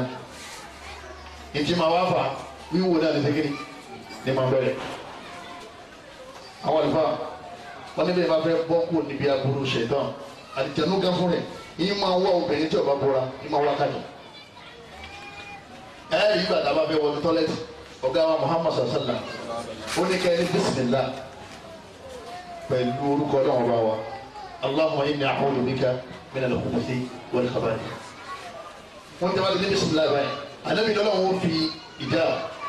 náà ntí màá wá fà wíwò náà lè ṣe kíni ní màá bẹ̀rẹ̀ àwọn àlùfáà wọn níbi ìbá fẹ́ bọ́ kúrò níbi aburú ṣẹ̀tàn àdìjẹ́nu gan fún rẹ̀ yín máa wá obìnrin tí ọba bora yín máa wá kájọ ẹ ẹ yí bàtà bá fẹ́ wọlé tọ́lẹ́tì ọ̀gá wa Muhammad sallam ó ní kẹ́ni bisimilá pẹ̀lú orúkọ náà wọ́n bá wa Allahumma inni a'udhu bika min al-khubuthi wal khaba'ith wọn jẹ́ wàlẹ́ níbi sùnmùlá báyìí ànábì lọ́lọ́ wọn fi ìjà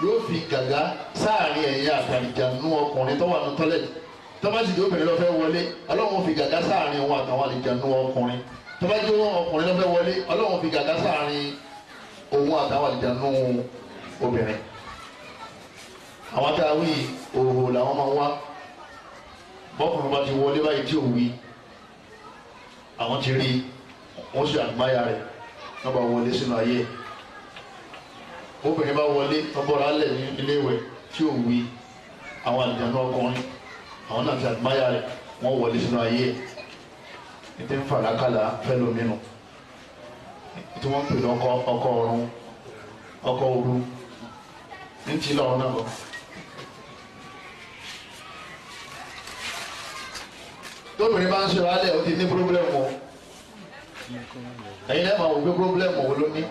yóò fi gàgá sáàrin ẹ̀yà àtàlìjànú ọkùnrin tó wà ní tọ́lẹ̀ tọ́másì tí obìnrin lọ́fẹ́ wọlé ọlọ́run fi gàgá sáàrin wọn àtàwọn àlìjànú ọkùnrin tọ́másì ọkùnrin lọ́fẹ́ wọlé ọlọ́run fi gàgá sáàrin òun àtàwọn àlìjànú obìnrin àwọn táwí òhò làwọn máa ń wá bọ́kùnrin bá ti wọlé báyìí tí ò àwọn ti rí wọ́n sì àgbáyà rẹ̀ ká bá wọlé sínú ayé obìnrin bá wọlé tọ́bọ̀rọ̀ alẹ̀ ní ilé ìwẹ̀ tí ò wí àwọn àlùjáde ọkùnrin àwọn náà ti àdìmáyà rẹ̀ wọ́n wọlé sínú ayé ẹ̀ ètò ètò ọkọ ọkọ ọkọ náà lọ. tóbìnrin bá ń ẹ̀yin náà máa wò gbé pírọ́blẹ́mù wo ló ní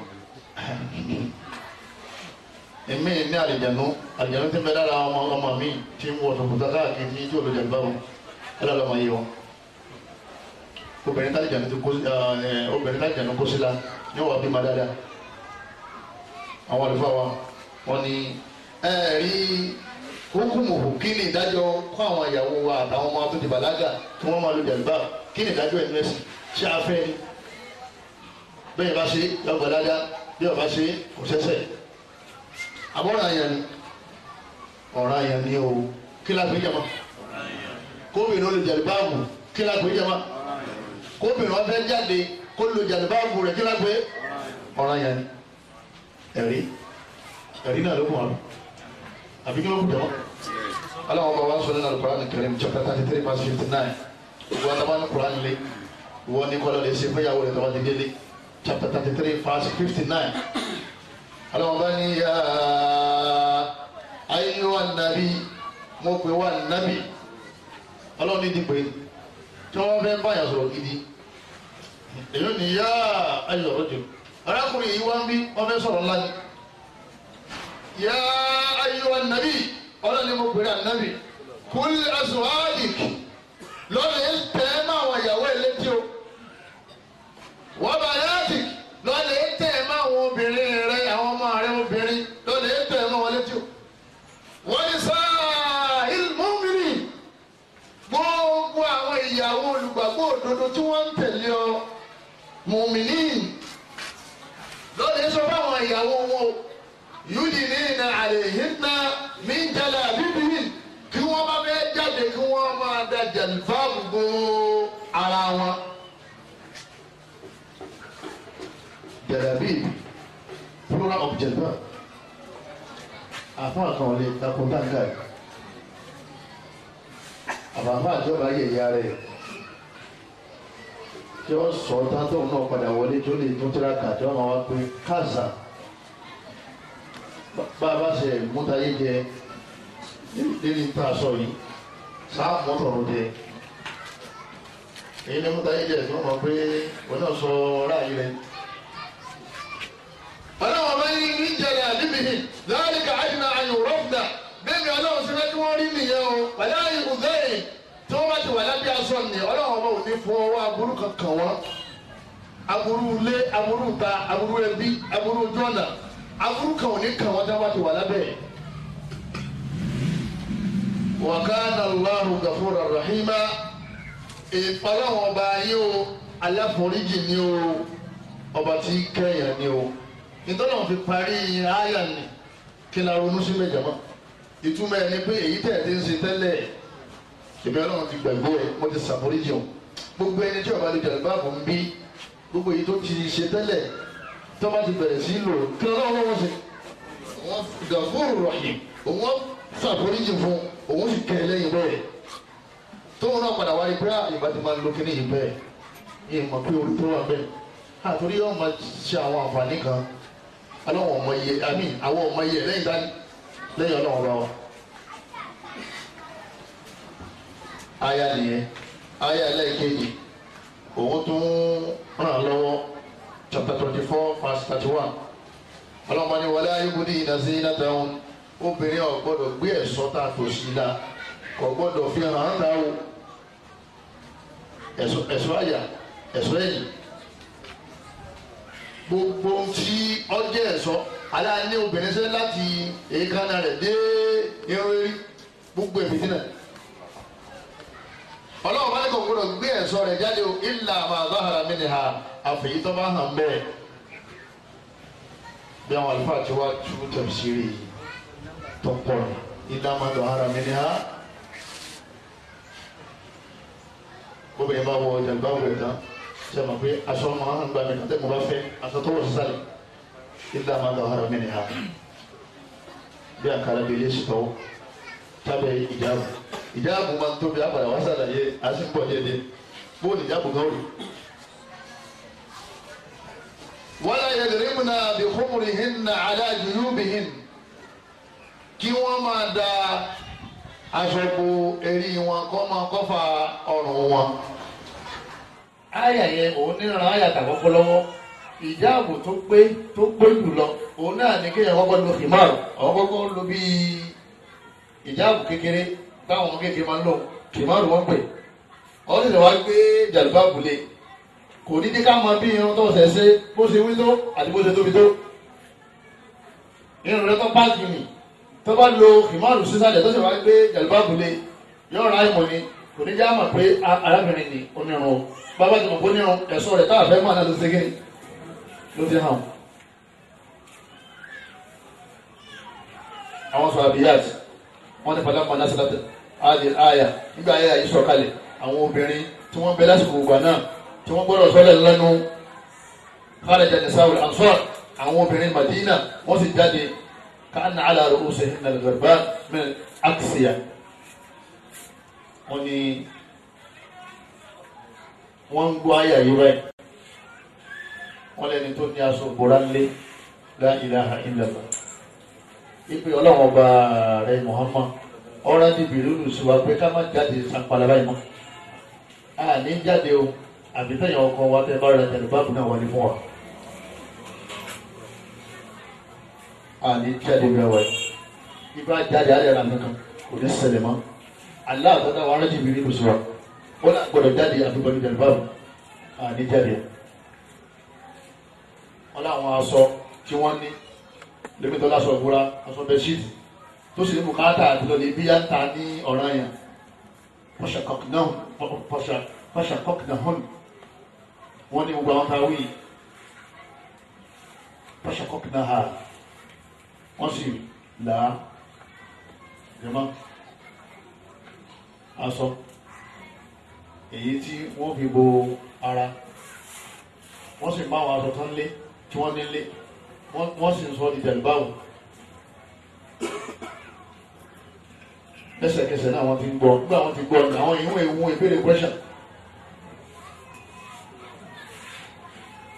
èmi ní àlìjànú àlìjànú ti ń bẹ lára ọmọ ọmọ mi tí ń wọ ṣòkòtò káàkiri tí yóò lójà gbáwò ẹ lọ́ọ́ lọ́mọ yìí wọn obìnrin tàlìjànú ti kó obìnrin tàlìjànú kó sí la ní wàá bímọ dáadáa àwọn àlùfáà wa wọn ni ẹ rí hukumu kí ni ìdájọ́ kó àwọn ìyàwó wa àtàwọn ọmọ tó ti bàlágà tí wọ́n máa lo jàlúbà kí ni ìdájọ́ ẹ̀ ní ẹ̀sìn ṣé a fẹ́ ni bẹ́ẹ̀ bá ṣe yọgbà dáadáa bí ọba ṣe kò ṣẹṣẹ àbọ̀ràn àyàn ni ọ̀ràn àyàn ni o kí la pè é jama kóbìnrin olè jàlibáàbù kí la pè é jama kóbìnrin ọfẹ jáde kó lè jàlibáàbù rẹ kí la pè é ọ̀ràn àyàn ni ẹ̀rí ẹ̀rí náà ló kún wa àbí kí ló kún jama aláwọn bàbá sọ nínú alukoran kẹrin chapter thirty three verse fifty nine ìwọ àtàwọn alukoran lé ìwọ ní kọlọ lè ṣe fún ìyàwó rẹ tọwọ́ ti délé chapter thirty three verse fifty nine ọlọ́run bá ní yá ayé wa nàbí mo pè wá nàbí ọlọ́run ní dìpé tí wọ́n fẹ́ bá yàn sọ̀rọ̀ gidi èyí ni yá ayé ọ̀rọ̀ jù arákùnrin yìí wá bí wọ́n fẹ́ sọ̀rọ̀ ńlá ni yá ayé wa nàbí ọlọ́run ní mo pè wá nàbí kúlì azùwádìí lọ́nà ẹ̀ tẹ́ náà wọ̀nyàwó ẹ̀ létí o wọ́n bá yá. jẹ̀lifáàmù bò ara wọn. jẹ̀dàbí plural of jẹ̀dà àfọ̀n kan ò lè takùn dáńgá yìí àbàmọ́ àjọba yẹ̀yẹ́ rẹ̀ tí ó sọ tátó náà padà wọlé tó lè tún tíra kà tí ó máa wá pé káàsà bá a bá ṣe mútayé jẹ lórí tá a sọ yìí sáàmù tọ̀rọ̀ jẹ èyí ni múta yìí jẹ fún ọmọ pé wọn náà sọ ráàyè rẹ. ọlọ́wọ́n bá yí ní jẹ̀rẹ̀ àdìmíhì láàrin káàdì náà àyùn rọ́ọ̀dà bẹ́ẹ̀ni ọlọ́wọ́n sì fẹ́ wọ́n rí nìyẹn o pẹ̀lú àyè ọ̀dẹ́yìn tí wọ́n bá ti wà lábẹ́ aṣọ ni ọlọ́wọ́n bá ò ní fún ọwọ́ aburú kankan wọn aburú ilé aburú ta aburú ẹbí aburú ojú aburú kan ò ní kàn wọ́n tí wọ́n bá ti wà lábẹ́ yìí wakana allahu gafura rahima ìpàlọ́wọ̀n ọba yìí o aláforíjì ni o ọba tí kẹyàn ni o ìtọ́nà fi parí àyà ni kí n ronú sí mẹ́jọ̀mọ́ ìtumọ̀ ẹni pé èyí tẹ̀ ti ń ṣe tẹ́lẹ̀ ìbí ọlọ́run ti gbàgbé ẹ mo ti ṣàforíjì o gbogbo ẹni tí ọba lè jẹ báàbò ń bí gbogbo èyí tó ti ṣe tẹ́lẹ̀ tó ti bẹ̀rẹ̀ sí lò kí ọlọ́run wọ́n ṣe wọ́n gàfúrò rọ̀yìn òun wọ́n ṣàforíjì fún un òun sì kẹ́ ẹ lẹ́yìn bẹ́ẹ̀ tóun náà padà wá ibẹ́ ah, ìgbà tí máa ń lo kíní yìí bẹ́ẹ̀ ní ìmọ̀ pé orí tó wà bẹ́ẹ̀ àtúndì yóò máa ṣe àwọn àǹfààní kan aláwọ̀ ọmọ iye àmì àwọn ọmọ iye lẹ́yìn dání lẹ́yìn ọlọ́wọ́ bá aya nìyẹn aya ẹlẹ́ẹ̀kejì òun tún ràn lọ́wọ́ chapter twenty four verse thirty one ọlọ́mọdé wọlé ayébúdí ìdásí náà tẹ̀wọ́n obìnrin ò gbọ́dọ̀ gbé ẹ̀sọ́ tá a tò sí la kò gbọ́dọ̀ fi hàn án láwo ẹ̀sọ́ àyà ẹ̀sọ́ ẹ̀yìn gbogbo tí ọjẹ́ ẹ̀sọ́ aláàní obìnrin sẹ́ láti èékánná rẹ̀ dé irun rí gbogbo èmi sínú ọlọ́run bá ní kò gbọ́dọ̀ gbé ẹ̀sọ́ rẹ̀ jáde o ilà máa bá ara mi nìha àfẹ̀yí tó bá hàn bẹ́ẹ̀ bí àwọn àlùfáà ti wá tú tẹ̀síìrì yìí tó ń kọ́ ni ilé amadu ara mi ni ha bóbìnrin bá wọ jàgbá wọ ẹ̀ tán ṣe mọ̀ pé aṣọ ọmọ hàn gbà mí tẹ́tẹ́ mo bá fẹ́ aṣọ tó wọ sísàlẹ̀ ilé amadu ara mi ni ha bí àkàrà bí ilé ṣètọ́wọ́ tábẹ́ ìjáàbù ìjáàbù máa ń tóbi àpàdà wá sàlàyé àṣìpọ̀ déédéé bóòlù ìjáàbù kan rí wala yadribna bi khumurihinna ala juyubihinna kí wọ́n máa da aṣọ bo ẹ̀rí wọn kọ́ máa kọ́fà ọrùn wọn. àyà yẹn òun níran àyà tàkọ́kọ́ lọ́wọ́ ìjáàbò tó pé tó pé jùlọ òun náà ní kéèyàn kọ́kọ́ lo ìmáàrù àwọn kọ́kọ́ lo bíi ìjáàbù kékeré táwọn ọmọ kékeré máa ń lò ìmáàrù wọn pè ọ́ sì lè wá gbé jàlúbáàbù lé kò ní ní ká máa bí irun tó ṣẹ̀ ṣe bó ṣe wí tó àti bó ṣe tóbi tó irun rẹ tó pààkì nìyí tó bá lo ìmọ̀rù sísàlẹ̀ tó sì wá gbé jàlúbáàbù lé yóò ra ìmọ̀ ni kò ní já mọ̀ pé arábìnrin ni onírun o bàbá tó mọ̀ pé onírun ẹ̀sọ́ rẹ̀ táà fẹ́ mọ̀ náà ló ṣe gẹ́ni ló fi hàn. àwọn sọ àbíyáàtì wọn ti padà mọ̀ náà sílẹ̀ àdì àyà nígbà ayé àyè sọ̀kalẹ̀ àwọn obìnrin tí wọ́n bẹ lásìkò ìgbà náà tí wọ́n gbọ́dọ̀ sọ́lẹ̀ lẹ́nu kárẹ̀jà ní sáwùl ansọ́r àwọn obìnrin Madina wọ́n sì jáde كان على رؤوسهن الغربان من أقصية وني ní wọ́n ń gbọ́ àyà لا rẹ̀ wọ́n lẹ́ni tó ní aṣọ bòrá ńlé la ilaha illallah ipe ọlọ́wọ́n ọba rẹ̀ Muhammad ọ̀rọ̀ níbi ìlú sí pé ká má jáde sanpala báyìí àní jáde o àbí tẹ̀yìn ọkọ wa tẹ bá rẹ̀ tẹ̀lé náà wọlé fún wa. àní jáde wíwáwá yìí ibà jáde àlẹ́ ra kankan kò ní ṣẹlẹ̀ mọ́ aláàbọ̀dá wa rájì mi nínú sọ̀rọ̀ wọn náà gbọ́dọ̀ jáde àdúgbòlù jẹ̀lúbáwò àní jáde wọn láwọn aṣọ tí wọ́n ní lẹ́mítọ́lá aṣọ ìbúra aṣọ bẹ́ṣíìtì tó sì ní bùkátà àti lọ́lẹ̀ ibi yá ta ní ọ̀ràn yẹn pọ̀ṣà kọ́kìnà hàn wọ́n ní gbogbo àwọn táwí pọ̀ṣà kọ́kìnà hàn wọ́n sì là á jẹmọ́ aṣọ èyí tí wọ́n fi bo ara wọ́n sì bá àwọn aṣọ tán lé tí wọ́n nílé wọ́n sì ń sọ ìjàlùbáwò lẹ́sẹ̀kẹsẹ̀ náà wọ́n ti gbọ́ nígbà wọ́n ti gbọ́ ní àwọn ìwé ìwé ìbéèrè question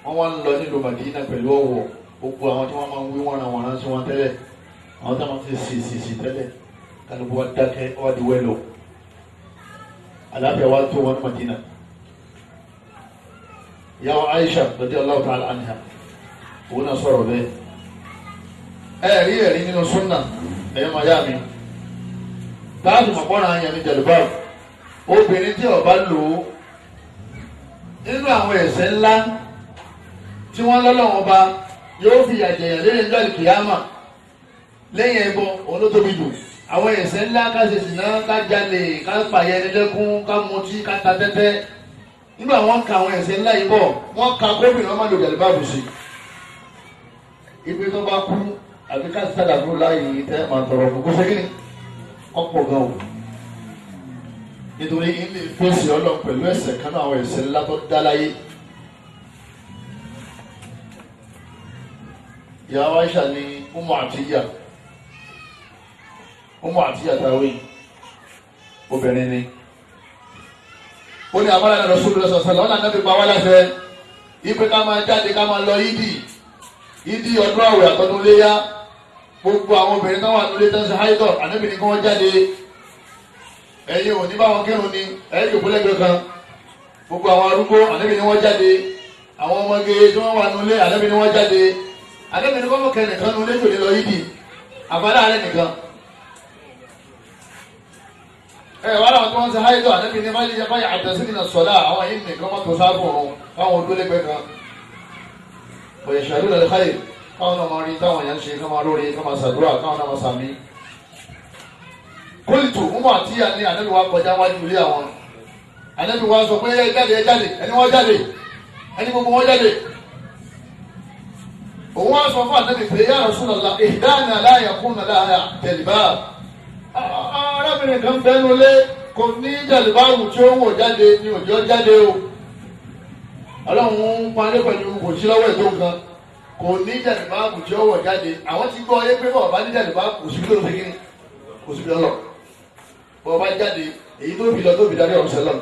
wọ́n wá ń lọ nílùú Màdínà pẹ̀lú ọ̀wọ̀ gbogbo àwọn tí wọ́n máa ń wí wọ́n ra wọ́n ránṣẹ́ wọn tẹ́lẹ̀ àwọn tí wọ́n ti sì sì sì tẹ́lẹ̀ kálukú wa dákẹ́ wá di wẹ́lò àlàáfíà wa tó wọn ní Madina yàwó Aisha radiyallahu ta'ala anha òun náà sọ̀rọ̀ bẹ́ẹ̀ ẹ̀rí ẹ̀rí nínú súnà ẹ̀yọ́ máa yá mi táàbù mọ̀kànlá yẹn ní jẹ̀lúbáàbù obìnrin tí ó lò ó nínú àwọn ẹ̀ṣẹ̀ ńlá tí wọ́n lọ́lọ́wọ́n bá yóò fi àjẹyàn lórí ìjọ ìkìyàmà lẹ́yìn ẹbọ òun ló tóbi jù àwọn ẹ̀ṣẹ̀ ńlá ká ṣe sì náà ká jalè ká pààyà ẹni lẹ́kún ká mutí ká ta tẹ́tẹ́ nígbà wọn ka àwọn ẹ̀ṣẹ̀ ńlá yìí bọ̀ wọn ka gómìnà má lò jàlè báàbò sí ibi tó bá kú àbí ká sàdàbò láàyè tẹ màá tọrọ fún kó ṣe kí ni gan o nítorí ilé ìfẹsẹ̀ ọlọ pẹ̀lú ẹ̀ṣẹ̀ kan náà àwọn ẹ̀ṣẹ̀ ńlá ìyá Aisha ni Umu Atiya Umu Atiya tàwé obìnrin ni ó ní abala náà lọ́sọ́dún lọ́sọ̀ sọ́lá ọ̀là náà fi pa wálá fẹ́ ipe ká máa jáde ká máa lọ yídì yídì ọdún àwẹ̀ àtọ́dún léyà gbogbo àwọn obìnrin náà wà nílé tẹ́sí haidọ̀ ànábì ni kí wọ́n jáde ẹ̀yin ò ní báwọn kírun ni ẹ̀yin kò gbọ́lẹ́gbẹ̀ kan gbogbo àwọn arúgbó ànábì ni wọ́n jáde àwọn ọmọge tí wọ́n wà nílé ànábì ni jáde akẹ́kẹ́ ní kọ́mọ kẹrin kan ní oníṣòwò lè lọ yí di àfàlà alẹ́ nìkan. ẹ wà láwọn tí wọ́n ti háyé tó àdébí ní báyìí yẹn báyìí àtẹ̀sí nínú sọ̀dá àwọn yìí nìkan mọ́tò sáàbù ọ̀run káwọn ojú lẹ́gbẹ̀ẹ́ kan. bòyẹ̀ ṣàlù lọ́lẹ́ káyè káwọn náà máa rí táwọn èèyàn ṣe káwọn lórí káwọn ṣàdúrà káwọn náà máa sàmí. kólìtù mú àtìyà ní àdébí wa kọjá wájú ilé àwọn àdébí wa sọ pé ẹ jáde ẹ jáde ẹni wọ́n jáde ẹni gbogbo wọ́n jáde òun á sọ fún àtẹ́lẹ̀ pé yára sún lọ́la ìdáni aláyàkún aláyà tẹ̀lébà arábìnrin kan fẹ́nu lé kò ní tẹ̀lébà wù tí ó ń wò jáde ní òjò jáde o ọlọ́run ń parí pẹ̀lú kò sí lọ́wọ́ ètò nǹkan kò ní tẹ̀lébà wù tí ó wọ̀ jáde àwọn ti gbọ́ ayé pé bọ̀ bá ní tẹ̀lébà kò sí lórí kékeré kò sí lọ́lọ́ bọ̀ bá jáde èyí tó bì lọ tó bì darí ọ̀sẹ̀ lọ.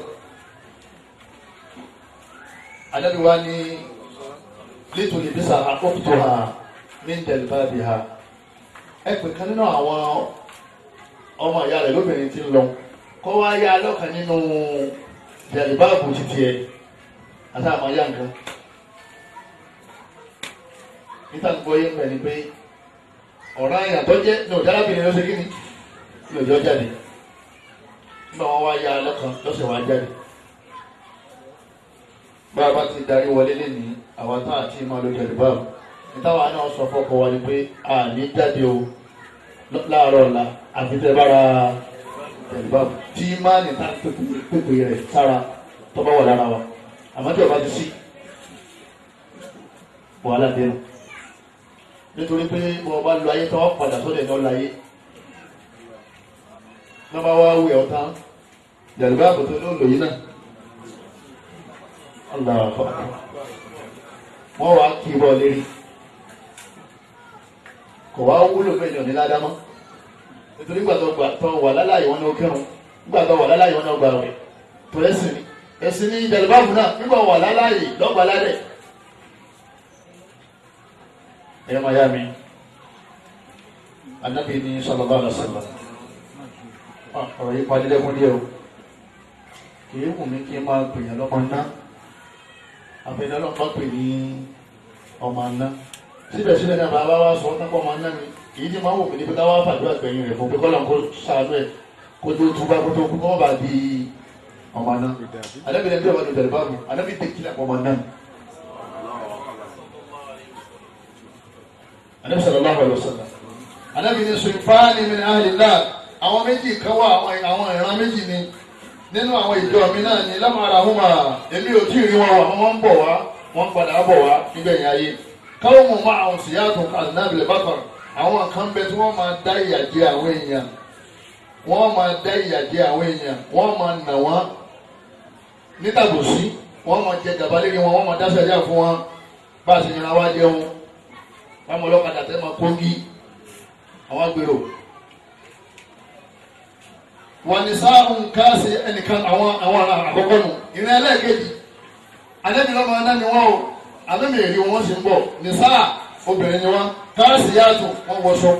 adájọ́ wa lítòlébísà àkọ́kùtòhà míńtẹ̀lbábìhà ẹgbẹ́ kan nínú àwọn ọmọ ìyá rẹ̀ lóbìnrin ti ń lọ kọ́ wá yá lọ́kàn nínú jẹ̀lbáàbù títí ẹ̀ àti àmọ́ yá nǹkan níta ń gbọ́ yé pẹ̀ ni pé ọ̀rá ìyàn tó jẹ́ ní òjá lábìnrin ló ṣe kí ni ní òjò jáde nígbà wọn wá yá lọ́kàn lọ́sẹ̀ wá jáde bá a bá ti darí wọlé lénìí àwọn tá àti máa lo jẹ̀lúbà ìtawà náà sọ fọ́kọ wa ni pé a ní jáde o láàárọ̀ ọ̀la àfi tẹ bára jẹ̀lúbà tí máa ní tá pèpè rẹ̀ sára tó bá wà lára wa àmọ́ tí ọba ti sí wàhálà dẹnu nítorí pé wọn bá lo ayé tó padà sódẹ̀ ní ọ̀la ayé ní wọn bá wá wẹ̀ ọ̀tá jẹ̀lúbà àbòtó ló lòyìn náà. Allah wọ́n wá kí bọ́ lérí kò wá wúlò fẹ́jọ ní ládámọ́ nítorí gbàtọ̀ tó wà láláyé wọn ní okẹ́rùn gbàtọ̀ wà láláyé wọn ní ọgbà rẹ̀ tó ẹ̀sìn ni ẹ̀sìn ni ìdẹ̀lẹ́bàbù náà nígbà wà láláyé lọ́gbà ládẹ̀ ẹ̀yọ́ máa yá mi anábì ní sallallahu alaihi wasallam ah, ọ̀rọ̀ yìí padì lẹ́kún díẹ̀ o kì í wù mí kí n máa gbìyànjú ọmọ náà àfẹnà ọlọ́pàá pè ní ọmọ aná síbẹ̀síbẹ̀ náà bàbá wa sọ ọ̀nà ọmọ aná ni kì í ti máa ń wò mí níbi káwá fàdúrà gbẹ̀yìn rẹ̀ fún pé kọ́lọ̀ kó sàánú ẹ̀ kó tó túbá kó tó kú kọ́ bá di ọmọ aná anábìrin ẹgbẹ́ ìwádìí ìdàrúbá mi anábìrin tẹ̀kílẹ̀ ọmọ aná mi. anabi sallallahu alaihi wasallam anabi ni sunfani min ahli nar àwọn méjì kan wà àwọn ìran méjì ni nínú àwọn ìjọ mi náà ni lámàrà húmà èmi ò tí ì rí wọn wà wọn ń bọ̀ wá wọn padà bọ̀ wá nígbẹ̀yìn ayé káwọn mọ̀ máa àwọn síyá tó kà nábìlẹ̀ bàbà àwọn kan bẹ tí wọ́n máa dá ìyà jẹ àwọn èèyàn wọ́n máa dá ìyà jẹ àwọn èèyàn wọ́n máa nà wọ́n nítàbòsí wọ́n máa jẹ gàba lérí wọn wọ́n máa dá sẹ́yà fún wọn bá a sì yẹn wá jẹun báwọn ọlọ́kadà tẹ́ máa kóńgí àwọn agbèrò wọ́n ní sáàhùn káàsì ẹnìkan àwọn àwọn ará àkọ́kọ́ nù ìrìn ẹlẹ́ẹ̀kejì alẹ́bi lọ́mọ ẹ̀dá ni wọ́n o alẹ́mi èrí wọn sì ń bọ̀ ní sáà obìnrin ni wọ́n káàsì yàtọ̀ wọ́n wọṣọ.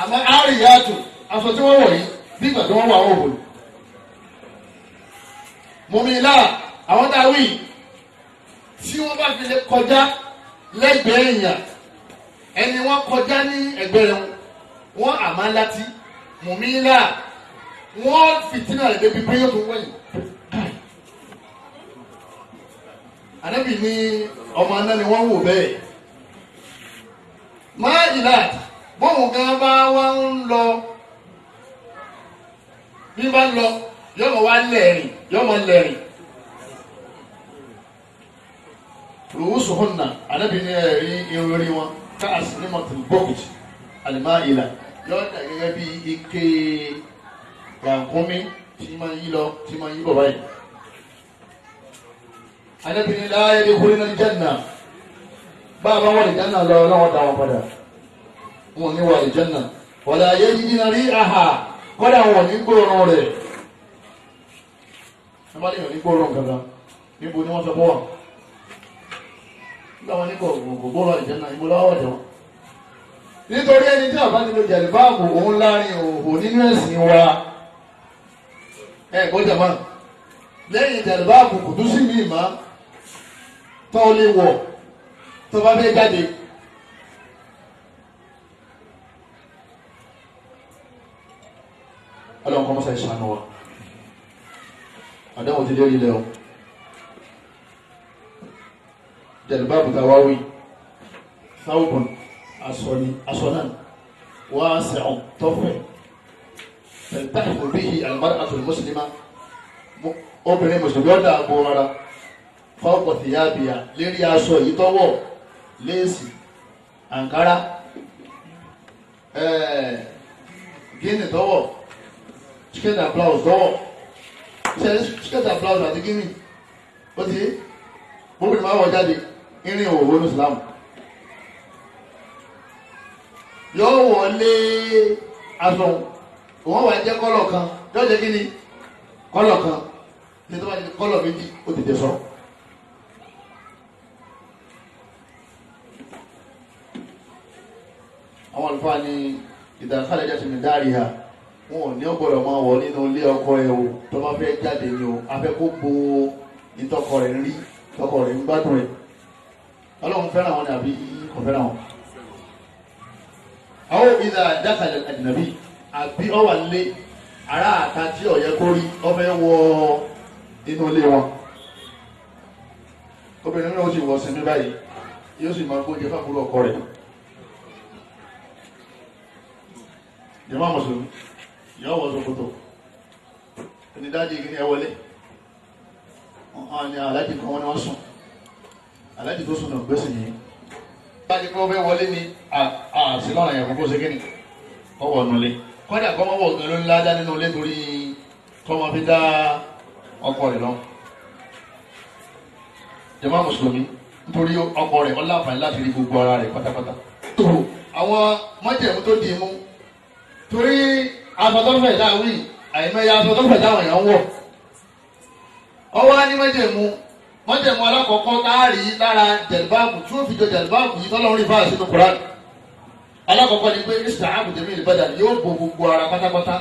àmọ́ àárì yàtọ̀ aṣọ tí wọ́n wọ̀ yìí bí ìgbà tí wọ́n wà wọ̀ wòlò. àwọn dáwì tí wọ́n bá fi kọjá lẹ́gbẹ̀ẹ́ èèyàn ẹni wọ́n kọjá ní ẹgbẹ́ rẹ̀ wọ́n àmà mùmílà wọ́n fìtínà rẹ̀ débi pé yóò tún wẹ̀yìn. Ànábì ní ọmọ aná ni wọ́n wò bẹ́ẹ̀. Máàjìlá bóun gan bá wá ń lọ bí bá lọ yọmọ wá lẹ́rìn yọmọ lẹ́rìn. Rùwúsùn hùnà Ànábì ní ẹ̀rí irun rí wọn ká àsìnímọ̀tì bọ́kùtì àlìmáàyìlá yóò dà gẹ́gẹ́ bí ike rànkúnmí tí máa yí lọ tí máa yí bọ̀ báyìí. anábìrin láàyè lè kúrò náà jẹ́nà bá a bá wọ̀ lè jẹ́nà lọ ọlọ́wọ́ dà wọn padà wọn ní wà lè jẹ́nà wọ̀lẹ̀ ayé yìí náà rí àhà kọ́dà wọn ní gbòòrùn rẹ̀ ẹ má lè yàn ní gbòòrùn kankan níbo ni wọ́n sọ fún wa. nígbà wọn ní gbòòrùn gbòòrùn àìjẹ́nà ìgbòòrùn àwọn ọ̀dọ́ nítorí ẹni tí àbá ti lo jàlíbáàbù òun láàrin òhò nínú ẹ̀sìn wa ẹ̀ gbọ́dọ̀ mọ́ lẹ́yìn jàlíbáàbù kò tún sí mi mọ́ tó lè wọ̀ tó bá fẹ́ jáde. ọlọ́run kọ́ mọ́sá ìṣàánú wa àdáwọ̀ ti dé ilẹ̀ o jẹ̀lúbáàbù tá wá wí sáwùbọ̀n asọ̀ni asọ̀nàn wá sẹ̀hùn tọ́fẹ̀ tẹ̀ntàn òbí yìí alimari àtòlù mùsùlùmá obìnrin mùsùlùmí ọ̀dà àbò rárá fọ́ọ̀kọ̀ tìyà bìyà lérí aṣọ yìí tọ́wọ̀ léèsì àǹkárá gíní tọ́wọ̀ skirt and blouse tọ́wọ̀ skirt and blouse àti gíní ó ti obìnrin máa wọ̀ jáde irin òwò ní Islam yóò wọlé aṣọ òun wà jẹ́ kọ́lọ̀ kan yóò jẹ́ kí ni kọ́lọ̀ kan ní tó bá jẹ́ kọ́lọ̀ méjì ó tètè sọ. àwọn àlùfáà ní ìdàkálẹ̀ jẹ́ sinmi dáàrí ha wọn ò ní ọgbọ́dọ̀ máa wọ nínú ilé ọkọ ẹ o tó bá fẹ́ jáde ni o afẹ́ kó bo ìtọkọ rẹ̀ ń rí tọkọ rẹ̀ ń gbádùn rẹ̀ ọlọ́run fẹ́ràn wọn ni àbí kò fẹ́ràn wọn àwọn ìdá dákàlẹ àdìnàbí àbí ọwà lé ará àta tí ọyẹ kó rí ọfẹ wọ inú ilé wọn obìnrin náà ó sì wọ sinmi báyìí yóò sì máa gbóúnjẹ fáfúrú ọkọ rẹ jẹmọ mùsùlùmí yóò wọ ṣòkòtò onídàájí kí ni ẹ wọlé wọn ni aláàjì kan wọn ni wọn sùn aláàjì tó sùn náà gbèsè yìí báyìí pé ó fẹ́ wọlé ni àṣìlọ́ràn yẹn kókó segin ni ọwọ́ nulẹ̀ kọ́dà kọ́mọ wọ̀ gan ló ń ládá nínú ilé torí kọ́mọ fi dá ọkọ rẹ̀ lọ. jàmá mùsùlùmí nítorí ọkọ rẹ̀ ọlá àǹfààní láti rí gbogbo ara rẹ̀ pátápátá. tó àwọn májẹ̀mú tó dì í mú torí asọ̀tọ́fẹ̀ dáwìn àìmọye asọ̀tọ́fẹ̀ dáwìn yẹn ń wọ̀ ọwọ́ á ní májẹ̀mú mọ́jẹ̀mú alákọ̀ọ́kọ́ táàrí lára jẹ̀lbáàbù tí ó fi jọ jẹ̀lbáàbù yìí tọ́lọ́run rí fáà sínú Kùránì alákọ̀ọ́kọ́ ni pé mr abudemi ìbàdàn yóò bo gbogbo ara pátápátá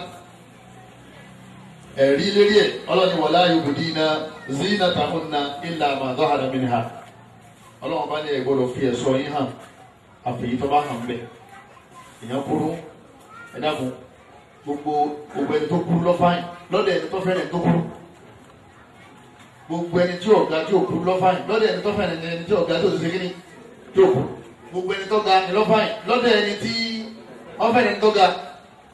ẹ̀rí lérí ẹ̀ ọlọ́ni wọ̀lá yòbùdí iná zina tahun na ilà màdọ́ àdàmínì ha ọlọ́wọ́n bá ní ẹ̀ gbọ́dọ̀ fi ẹ̀sọ́ yín hàn àfẹ̀yí tó bá hàn bẹ́ẹ̀ èèyàn kúrú ẹ̀dá mu gbogbo gbogbo tó kúrú lọ́fàáyìn gbogbo ẹni tí ọ̀gá tí òkú lọ́fàyìn lọ́dọ̀ ẹni tọ́fà ẹni ẹni tí ọ̀gá tí òsèse kí ni tí òkú gbogbo ẹni tọ́ga ni lọ́fàyìn lọ́dọ̀ ẹni tí ọ̀fà ẹni tọ́ga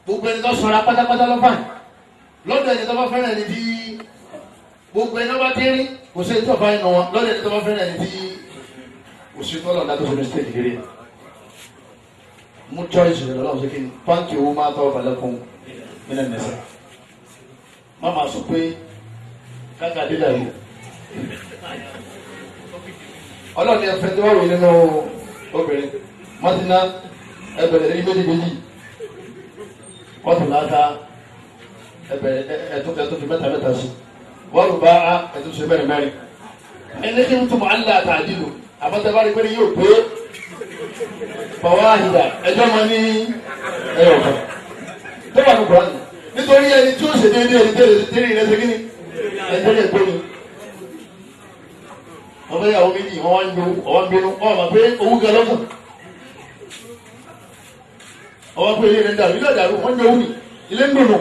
gbogbo ẹni tọ́ sọ̀ra pátápátá lọ́fàyìn lọ́dọ̀ ẹni tọ́fà fẹ́ràn ẹni tí gbogbo ẹni ọba tẹ́rí kò sí ẹni tí ọ̀fà ẹni wọn lọ́dọ̀ ẹni tọ́fà fẹ́ràn ẹni tí òsèntọ́ lọ́dọ̀ tó sọ̀rọ̀ sí kékeré mú choice rẹ̀ lọ́wọ́ sí kí ni pàǹtì owó máa ọlọ́ọ̀ni ẹ̀fẹ́ tí wọ́n wò nínú obìnrin mọ́tínà ẹbẹ̀rẹ̀ ní méjìméjì mọ́tìláta ẹbẹ̀rẹ̀ ẹ̀tún fi mẹ́ta mẹ́ta sí wọ́n rù bá ẹ̀tún sí mẹ́rin mẹ́rin ẹni tí ń túmọ̀ àlá àtàdìlù àbọ̀tẹ́bárí pé yóò pé bàwá àhìdá ẹjọ́ mọ ní ẹ̀yọ̀ kan tó wà ní kùránì nítorí ẹni tí ó ṣe déédéé ẹni tẹ́lẹ̀ tẹ́lẹ̀ ìrẹsẹ̀ kí ni ẹni tẹ́lẹ̀ gbóni wọ́n fẹ́ yàwó méjì wọ́n wá ń gbowó ọwọ́ ń bínú wọ́n mọ̀ pé owó gan lọ́kàn ọwọ́ pé ilé rẹ̀ ń dàrú ilé ìdàrú wọ́n ń jẹ òun ilé ń dùnú.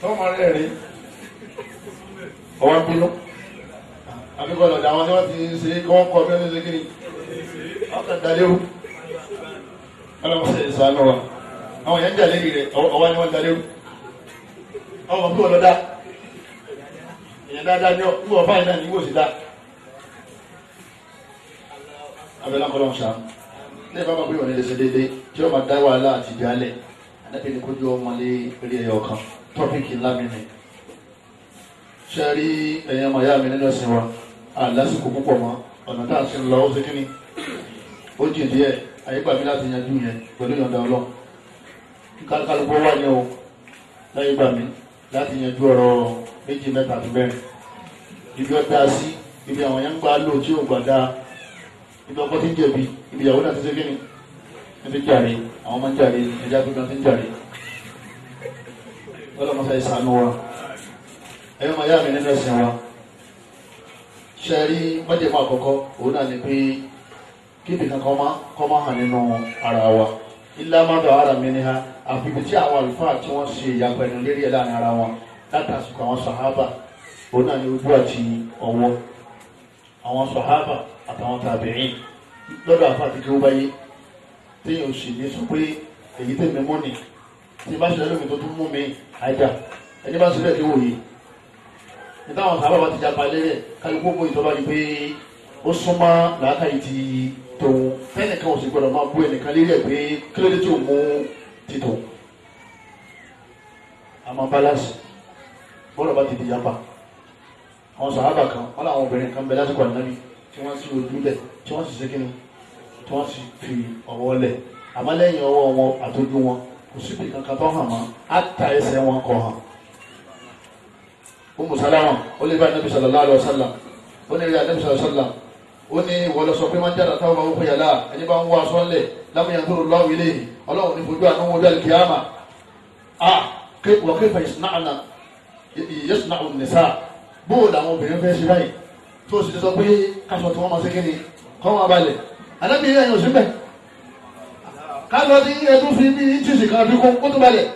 tọ́mọ rẹ̀ rí ọwọ́ ń bínú àbíkọ́ lọ́dà àwọn tí wọ́n ti ṣe kọ́ kọ́ bí wọ́n ti ṣe kiri ọkàn dalérú ọlọ́mọ sẹ̀yìn sànú wa àwọn yẹn ń jà lérí ọwọ́ ni wọ́n dalérú ọmọ bí wọn lọ dá èèyàn dáadáa ní wọn fáyín náà ní wọn ò sì dá abẹ́lá kọ́ lọ́n sàn ní ìbámu pé ìwọ̀n lè ṣe déédéé tí ó máa dá wàhálà àti ìjálẹ̀ anábìyẹn kó jọ ọmọ lé orí ẹ̀yọ kan tọ́pìkì ńlá mi ni ṣe rí ẹ̀yàn ọmọ ìyá mi nínú ẹ̀sìn wa àlásìkò púpọ̀ mọ́ ọ̀nà tá à ń sin lọ ó ṣe kíni ó jì díẹ̀ àyípa mi láti yanjú yẹn pẹ̀lú ìyọ̀ǹda ọlọ́run kálukú wà ní o láyé gbà mí láti yanjú ọ̀rọ̀ méjì mẹ́ta tó mẹ́rin ibi ọ̀dà sí ibi àwọn yẹn ń gbà lò tí ò gbà dáa ibi ọkọ tí ń jẹ̀bi ibi ìyàwó náà ti ṣe kíni níbi jàre àwọn ọmọ ń jàre ẹja tó kan ti ń jàre ọlọ́mọṣẹ́ ìsànú wa ẹ̀yọ́ máa yá mi nínú ẹ̀sìn wa ṣe rí májèmọ́ àkọ́kọ́ òun náà ni pé kí ibì kan kọ́ máa hàn nínú ara wa ìlàmọ́dà ara mi ni ha àfibí tí àwọn àlùfáà tí wọ́n ṣe ìyàgbẹ́nu lérí ẹ̀ láàrin ara wọn látàsùkọ àwọn sàhábà òun náà ni ojú àti ọwọ́ àwọn sàhábà àtàwọn tàbíìn lọ́dọ̀ àfa àti tí ó bá yé téèyàn ò sì ní sọ pé èyí tèmi mú ni tí bá ṣẹlẹ̀ lómi tó tún mú mi àìdá ẹni bá ṣẹlẹ̀ ní wòye ní táwọn sàhábà bá ti japa lérè kálukú gbogbo ìtọ́ba yìí pé ó súnmọ́ làákàyè ti tòun ẹnìkan ò sì gbọdọ̀ máa bú ẹnìkan lérí ẹ̀ pé kílódé tí ò mú títò àmọ́ balasi bọ́lọ̀ bá ti di yapa àwọn sàhábà kan wọ́n làwọn obìnrin kan bẹ lásìkò ànábì tí wọ́n sì ojúlẹ̀ tí wọ́n sì sékinu tí wọ́n sì fi ọwọ́ lẹ̀ àmọ́ lẹ́yìn ọwọ́ wọn àtọ́jú wọn kò síbi kankan tó hàn mọ́ á ta ẹsẹ̀ wọn kọ̀ hàn. ó mùsàlámà ó lè bá ànábì sallallahu alaihi wasallam ó lè rí ànábì sallallahu alaihi wasallam ó ní ìwọlọ sọ pé máa ń jáde àtàwọn ọmọ òkú yàrá ẹni bá ń wọ aṣọ ńlẹ̀ lámìyàn tó lọ wílé ọlọ́run ní fojú àánú ojú àlùkìyàmà a wọ́n kéfà ìsìnàánà ìyẹ́sìnà òmìnira bóòlù àwọn obìnrin fẹ́ ṣe báyìí tó sì ti sọ pé káṣọ tí wọ́n máa ṣe kí ni kọ́ wọn balẹ̀ alábìyẹn ẹ̀yàn síbẹ̀ kálọ̀ ní ẹdún fi bí ìtìsì kan fi kún kótó balẹ̀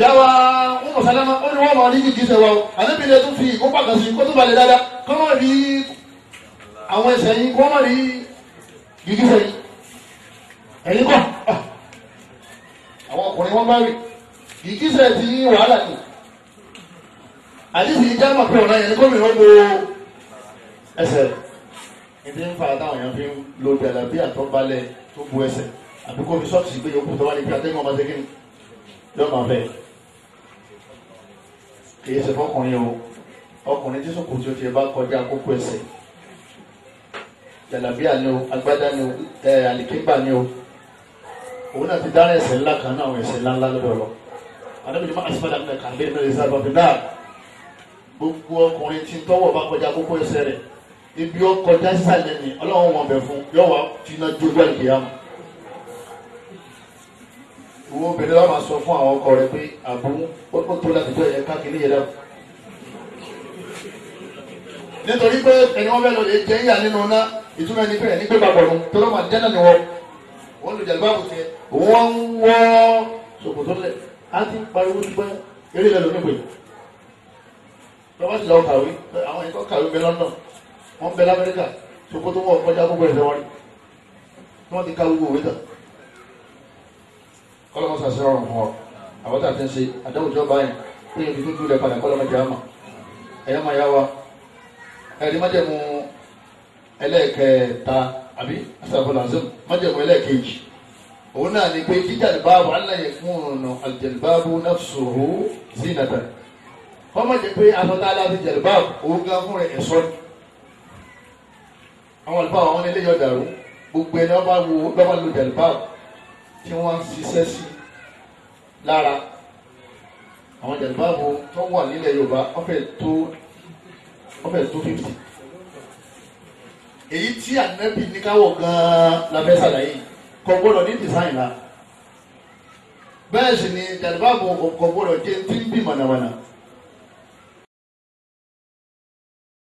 yàwá ọmọ sálámà ó ní wọ́n máa ní kìkì sẹ́wọ́ alábìyẹn ẹdún fi ìkópa kan sí kótó balẹ̀ àwọn ẹsẹ̀ yín kọ́ mọ̀ rí gidi sẹ́yìn ẹ̀yìn kọ́ àwọn ọkùnrin wọn bá rí gidi sẹ́yìn ti yín wàhálà ni àdìsí ìjà máa pè ọ̀nà yẹn ní gómìnà gbó ẹsẹ̀ ẹni ń fa àtàwọn èèyàn fi ń lo jàlábí àtọ́balẹ̀ tó bu ẹsẹ̀ àbí kó fi sọ́ọ̀tì gbé yòókù tó wá ní bí atẹ́gùn ọmọ ṣẹ́gi yóò máa bẹ̀ kì í ṣe fọkùnrin o ọkùnrin tí sọkùnrin tí ó ti bá kọjá kókó ẹsẹ̀ jalabia ni o agbádá ni o ẹ àlìkígbà ni o òun náà ti dára ẹ̀ṣẹ̀ ńlá kan náà àwọn ẹ̀ṣẹ̀ ńlá ńlá lọ́dọ̀ lọ àdébìtì má asọ́dà mi kà lé mẹ́rin sábà fi náà gbogbo ọkùnrin tí tọ́wọ́ bá kọjá kókó ẹsẹ̀ rẹ̀ ibi ọkọjá sísàlẹ̀ ni ọlọ́run wọn bẹ̀ fún yọ̀wá tìǹà jójú àlìkèyàmù wo obìnrin wa máa sọ fún àwọn ọkọ rẹ pé àbúrú ó tó láti jọ yẹ káàkiri yẹ dáhùn. nítorí pé ẹni wọn fẹ́ lọ lè jẹ́ ìyá nínú ìtumọ̀ ẹni pé ẹni gbé papọ̀ nù tó máa dáná ni wọ́n wọ́n lu jàlùbá kò tiẹ̀ wọ́n ń wọ́ ṣòkòtò lẹ̀ á ti pariwo ti pẹ́ eré lẹ́nu níbo yìí lọ́wọ́ sì lọ kàwé àwọn ẹ̀kọ́ kàwé bẹ lọ́nà wọ́n bẹ lamẹ́ríkà ṣòkòtò wọ́n kọjá gbogbo ẹ̀fẹ́ wọn ni wọ́n ti ká gbogbo òwe tán kọ́lọ́mọ́ sàṣẹ ọ̀rùn fún ọ àwọn tàbí ń ṣe àdáwò tí wọ́n bá yẹn pé ibi tó dúró lẹ́ padà kọ́lọ́mọ́ mu ẹlẹ́ẹ̀kẹta àbí asàbọ̀làzọ́ májẹ̀mú ẹlẹ́ẹ̀kejì òun náà ni pé jíjà àlùbáàbò aláyẹ fún ọ̀nà àlùjẹ̀lùbáàbò náà sòrò sí ìnàtà wọ́n má jẹ́ pé afọ́tá aláàbí jẹ̀lùbáàbò òun gan fún rẹ̀ ẹ̀sọ́ àwọn àlùbáàbò àwọn ilé yọ̀ dàrú gbogbo ẹni ọba wo lọ́ba lu jẹ̀lùbáàbò tí wọ́n ṣiṣẹ́ sí lára àwọn jẹ̀lùbáàbò tó wà nílẹ̀ Yorùbá ọ̀fẹ́ tó ọ̀fẹ́ tó fífi èyí tí ànábì ní káwọ̀ gan-an la fẹ́ ṣàlàyé kò gbọ́dọ̀ ní design la bẹ́ẹ̀ sì ni jàdùbá kò gbọ́dọ̀ jẹ́ tí ń bì mọ̀nàmọ̀nà.